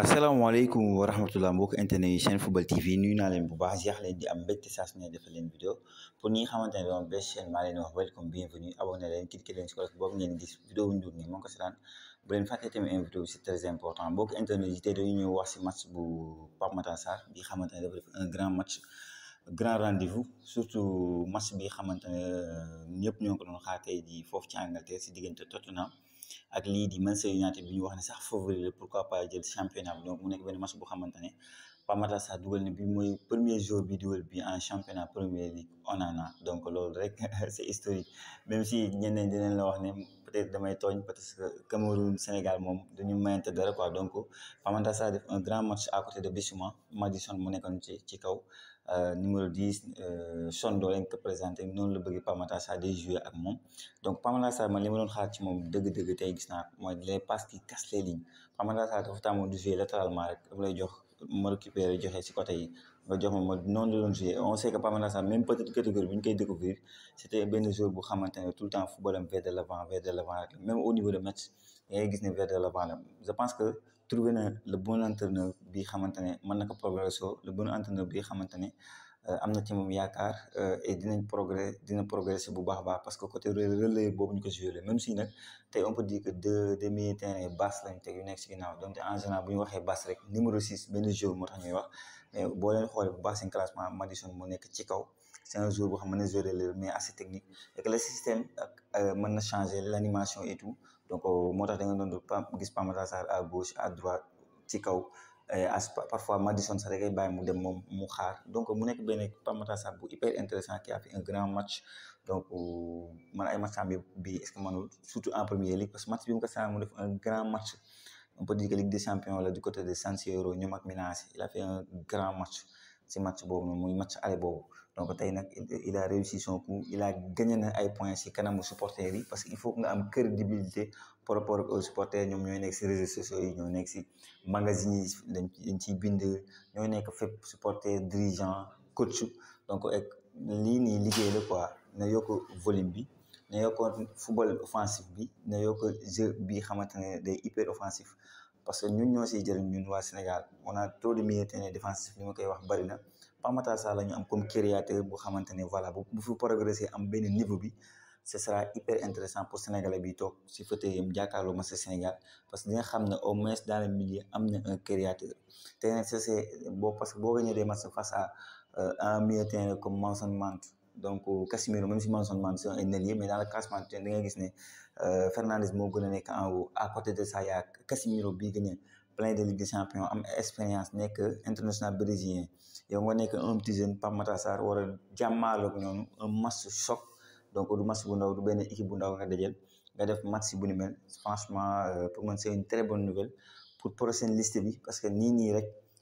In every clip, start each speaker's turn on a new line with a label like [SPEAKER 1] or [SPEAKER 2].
[SPEAKER 1] asalaamaaleykum wa rahmatulah mbokk internet yi chaîne football TV ñu naa leen bu baax jeex leen di am mbégte saa ne defal leen vidéo pour ñi xamantene xamante ne doon bés chaîne maa leen wax welcome bienvenue abonné leen cliquer leen si ko boobu ngeen gis vidéo bu ñu ni nii ko si daan bu leen fàtte tamit vidéo bi c'est très important mbokk internet yi tey dañu ñëw wax si match bu Pape Matar Sarr bi xamantene dafa def un grand match grand rendez-vous surtout match bi xamantene ne ñëpp ñoo ko doon xaar tey di foofu ci Angleterre si diggante Tottenham ak lii di Manchester United bi ñu wax ne sax favori la pourquoi pas jël championnat bi donc mu nekk benn match boo xamantane pamata sax Matar Sarr dugal ne bi mooy premier jour bi dugal bi en championnat Premier League Onana donc loolu rek c'est historique même si ñeneen dinañ la wax ne peut-être damay tooñ parce que Cameroun Sénégal moom dañu mayante dara quoi donc Famanta Sarr def un grand match à côté de Bissouma Madison mu nekkoon ci ci kaw euh, numéro 10 Chondo euh, lañ ko présenté noonu la bëgg Famanta Sarr di jouer ak moom donc Famanta Sarr man li ma doon xaar ci moom dëgg-dëgg tey gis naa mooy les passes qui cassent les lignes a Sarr dafa tàmmoon di jouer rek dama lay jox ma récupérer joxe si côté yi nga jox ma la doon on sait que Pamela ça même peut-être catégorie bi ñu koy découvrir c'était bien joueur bu pour tout le temps football am vers de l'avant vers de l'avant même au niveau de match da ngay gis ne vers de l'avant je pense que trouver le bon entraîneur bi xamante ne mën na le bon entraîneur bi xamante euh, am na ci moom yaakaar euh, et dinañ progrès dina progresser bu baax a baax parce que côté relais boobu ñu ko joué même si nag tey on peut dire que deux deux milieux terrain basse lañ teg yu nekk si ginnaaw donc en général bu ñu waxee basse rek numéro six benn joueur moo tax ñuy wax mais boo leen xoolee bu baax seen classement Madison moo nekk ci kaw c'est un joueur boo xam ne joueur relais mais assez technique et que le système ak euh, mën na changer l'animation et tout donc moo tax da nga doon gis Pape Sarr à gauche à droite ci kaw eh, as parfois Madison sax bay ngay mu dem moom mu xaar donc mu nek ben pamata hyper intéressant qui a fait un grand match donc euh, man ay match est ce que manul surtout en première ligue parce que match bi mu ko mu def un grand match on peut dire que Ligue des Champions là du côté de San Siro Milan il a fait un grand match c'est match boobu non muy match aller boobu donc tay nak il a réussi son coup il a gagné na ay points ci kanamu supporters yi parce que il faut nga am crédibilité par rapport aux supporters ñom ñoy nek ci réseaux sociaux yi ñoy nek ci magazines yi dañ ci bind ñoy nek fep supporters dirigeants coach donc ek lii nii liggéey la quoi na yok volume bi na yok football offensif bi na yok jeu bi xamante day hyper offensif parce que ñun ñoo siy jëriñ ñun wa Sénégal on a trop de milieu terrain défensif li ma koy wax bari na pamata Matar Sarr ñu am comme créateur bu xamante voilà bu fu progresser am ben niveau bi ce sera hyper intéressant pour Sénégalais bi tok ci fauteuil yam jàkkaarloo ma Sénégal parce que di nga xam au moins dans le milieu amna un créateur te c'est bo parce que bo gagnee des matchs face à euh, un milieu terrain comme Mansan Mount donc Casimiro même si Mason Mount c'est un ailier mais dans le cas da ngay gis ne Fernandes mo gëna nek en haut à côté de ça y a Casemiro bi plein de Ligue des Champions am expérience nek international brésilien yow nga nek un petit jeune par matassar war a jàmmaaloog un match choc donc du match bu ndaw du il équipe bu ndaw nga Il nga def match bu ni mel franchement euh, pour moi c'est une très bonne nouvelle pour prochaine liste bi parce que ni ni rek.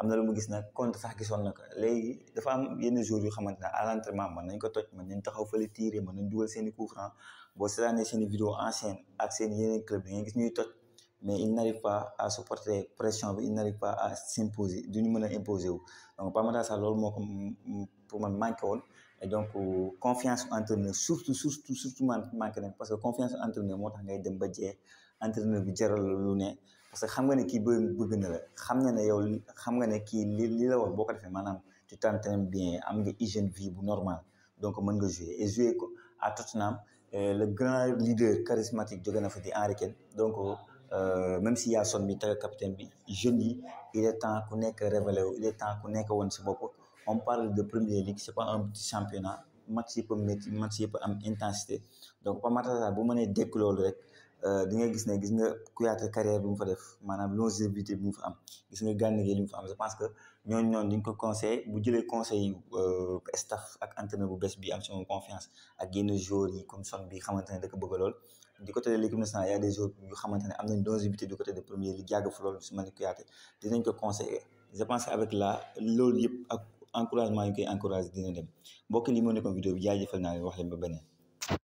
[SPEAKER 1] am na lu mu gis nag contre sax gisoon na ko léegi dafa am yenn jours yu xamante ne à l'entraînement mën nañ ko toj mën nañ taxaw fële tirer mën nañ dugal seen i coup franc boo seetaanee seen vidéo ancienne ak seen yeneen club da ngay gis ñuy toj mais il n'arrive pas à supporter pression bi il n'arrive pas à s'imposer duñu mën a imposer wu donc Pape Matar Sarr loolu moo ko pour man manqué woon et donc confiance nous. surtout surtout surtout man manqué na parce que confiance entraîneur moo tax ngay dem ba jeex internet bi jaral lu ne parce que xam nga ne kii booy bëgg na la xam nga ne yow xam nga ne kii li li la war boo ko defee maanaam tu t'entraînes bien am nga hygiène vie bu normal donc mën nga jouer et jouer ko à Tottenham eh, le grand leader charismatique jóge na fa di Harry Kane donc oh, eh, même si a son mi taga capitaine bi jeune yi il est temps ku nekk révélé il est temps ku nekk won si bopp on parle de première ligue c'est pas un petit championnat match yi a métti match yëpp am intensité donc Pape Matar Sarr bu mënee dékk loolu rek euh, di nga gis ne gis nga Kouyaté carrière bi mu fa def maanaam longévité bi mu fa am gis nga Gana Gueye li mu fa am je pense que ñooñu noonu di ko conseillé bu jëlee conseil euh, staff ak entraîneur bu bees bi am sama confiance ak yenn joueurs yi comme Son bi xamante ne da ko bëgg lool di côté de l'équipe nationale y a des joueurs yu xamante ne am nañ longévité du côté de première ligue yàgg fa lool su ma ne Kouyaté dinañ ko conseillé je pense que avec la loolu yëpp ak encouragement yu koy encouragé dina dem mbokk li moo nekkoon vidéo bi jaajëfal naa leen wax leen ba beneen